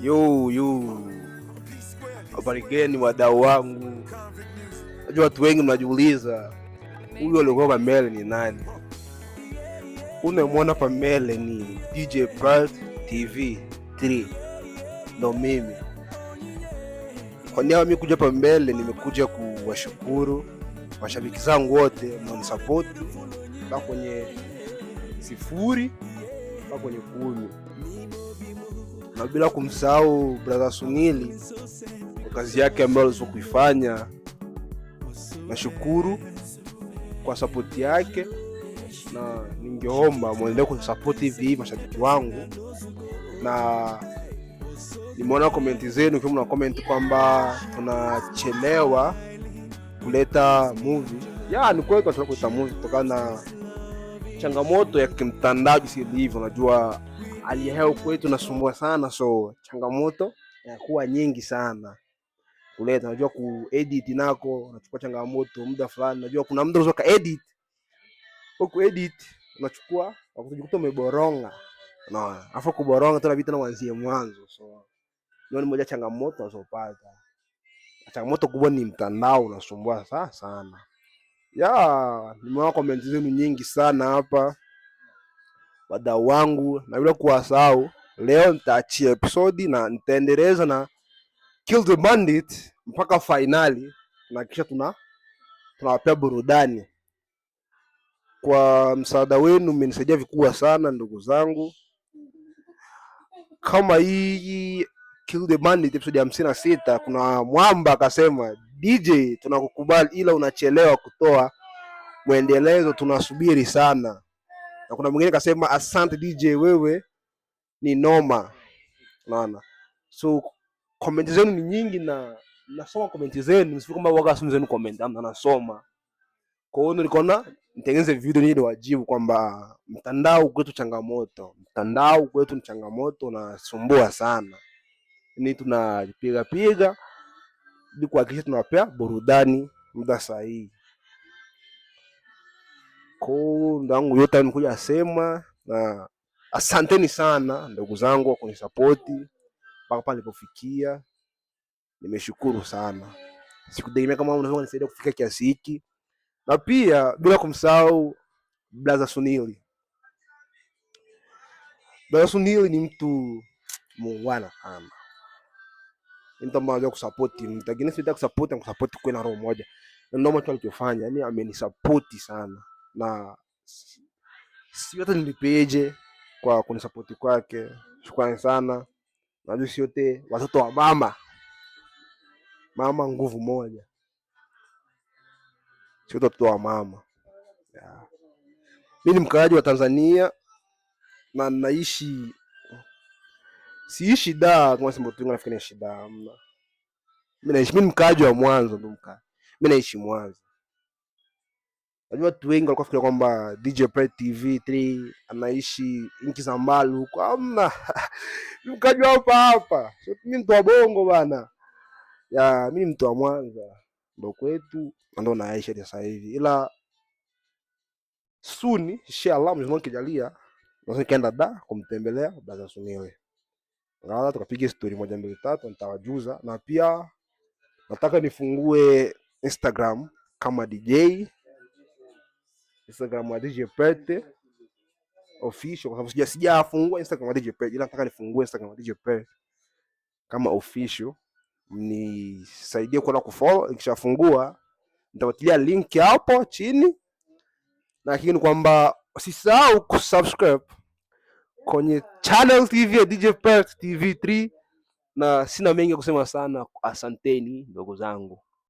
Yo, yo. Habari gani wadau wangu? Najua watu wengi mnajiuliza huyu aliokuwa Pamele ni nani? Unamwona Pamele ni DJ Pride TV 3 ndo mimi. Kwa niaba mimi kuja Pamele, nimekuja kuwashukuru mashabiki zangu wote mnanisapoti na kwenye sifuri na kwenye kumi na bila kumsahau brother Sunili kwa kazi yake ambayo kuifanya Nashukuru kwa sapoti yake, na ningeomba mwendelee kusapoti hivi mashabiki wangu, na nimeona komenti zenu kiwa mna komenti kwamba tunachelewa kuleta movie. Ya ni kweli kuleta movie kutokana na changamoto ya kimtandao jinsi ilivyo, unajua hali ya hewa kwetu nasumbua sana, so changamoto inakuwa nyingi sana kuleta. Unajua ku edit nako unachukua changamoto muda fulani, Unajua kuna mtu anaweza ka edit huko, edit unachukua wakujikuta umeboronga, unaona, afa kuboronga tena vitu na kuanzia mwanzo, so ni moja changamoto unazopata. Changamoto kubwa ni mtandao unasumbua sana sana. Ya, nimeona comment zenu nyingi sana hapa wadau wangu, na bila kuwasahau, leo nitaachia episodi na nitaendeleza na Kill the Bandit mpaka fainali, na kisha tuna tunawapea burudani. Kwa msaada wenu mmenisaidia vikubwa sana ndugu zangu. Kama hii Kill the Bandit episode ya hamsini na sita kuna mwamba akasema, DJ tunakukubali, ila unachelewa kutoa mwendelezo, tunasubiri sana na kuna mwingine kasema asante DJ, wewe ni noma. Unaona, so comment zenu ni nyingi na nasoma comment zenu, msifu kama waga simu zenu comment, ama nasoma. Kwa hiyo nilikona nitengeneze video ili wajibu kwamba ah, mtandao kwetu changamoto, mtandao kwetu ni changamoto na sumbua sana, ni tunapiga piga ili kuhakikisha tunawapea burudani muda sahihi. Ko ndangu yote amekuja asema, na asanteni sana ndugu zangu kwa kunisapoti mpaka pale nilipofikia. Nimeshukuru sana, sikutegemea kama unaweza kunisaidia kufika kiasi hiki, na pia bila kumsahau Brother Sunili. Brother Sunili ni mtu muungwana sana, ni mtu ambaye anajua kusapoti mtu, lakini sitaki kusapoti na kusapoti kwa roho moja, na ndio maana alichofanya, yani amenisapoti sana na si hata nilipeje kwa kunisapoti kwake. Shukrani sana, najua si yote watoto wa mama mama, nguvu moja, si watoto wa mama yeah. Mi ni mkaaji wa Tanzania na naishi siishi da kama simbotunga nafikiri ni shida amna. Mi naishi ni mkaaji wa Mwanza, ndo mkaaji mi naishi Mwanza. Najua watu wengi walikuwa fikiria kwamba DJ Pre TV 3 anaishi nchi za mbali huko. Hamna. Mkajua hapa hapa. So, Mimi mtu wa Bongo bana. Ya, mimi mtu wa Mwanza. Ndio kwetu ndio naishi sasa hivi. Ila soon inshallah Mwenyezi Mungu akijalia naweza kaenda da kumtembelea brother Suniwe. Ngawa tukapiga story moja mbili tatu nitawajuza na pia nataka nifungue Instagram kama DJ Instagram ya DJ Pete official, kwa sababu sija sijafungua Instagram ya DJ Pete, ila nataka nifungue Instagram ya DJ Pete kama official, mnisaidie kwenda kufollow. Nikishafungua nitawatilia link hapo chini, lakini kwamba usisahau kusubscribe kwenye channel TV ya DJ Pete TV3, na sina mengi ya kusema sana. Asanteni ndugu zangu.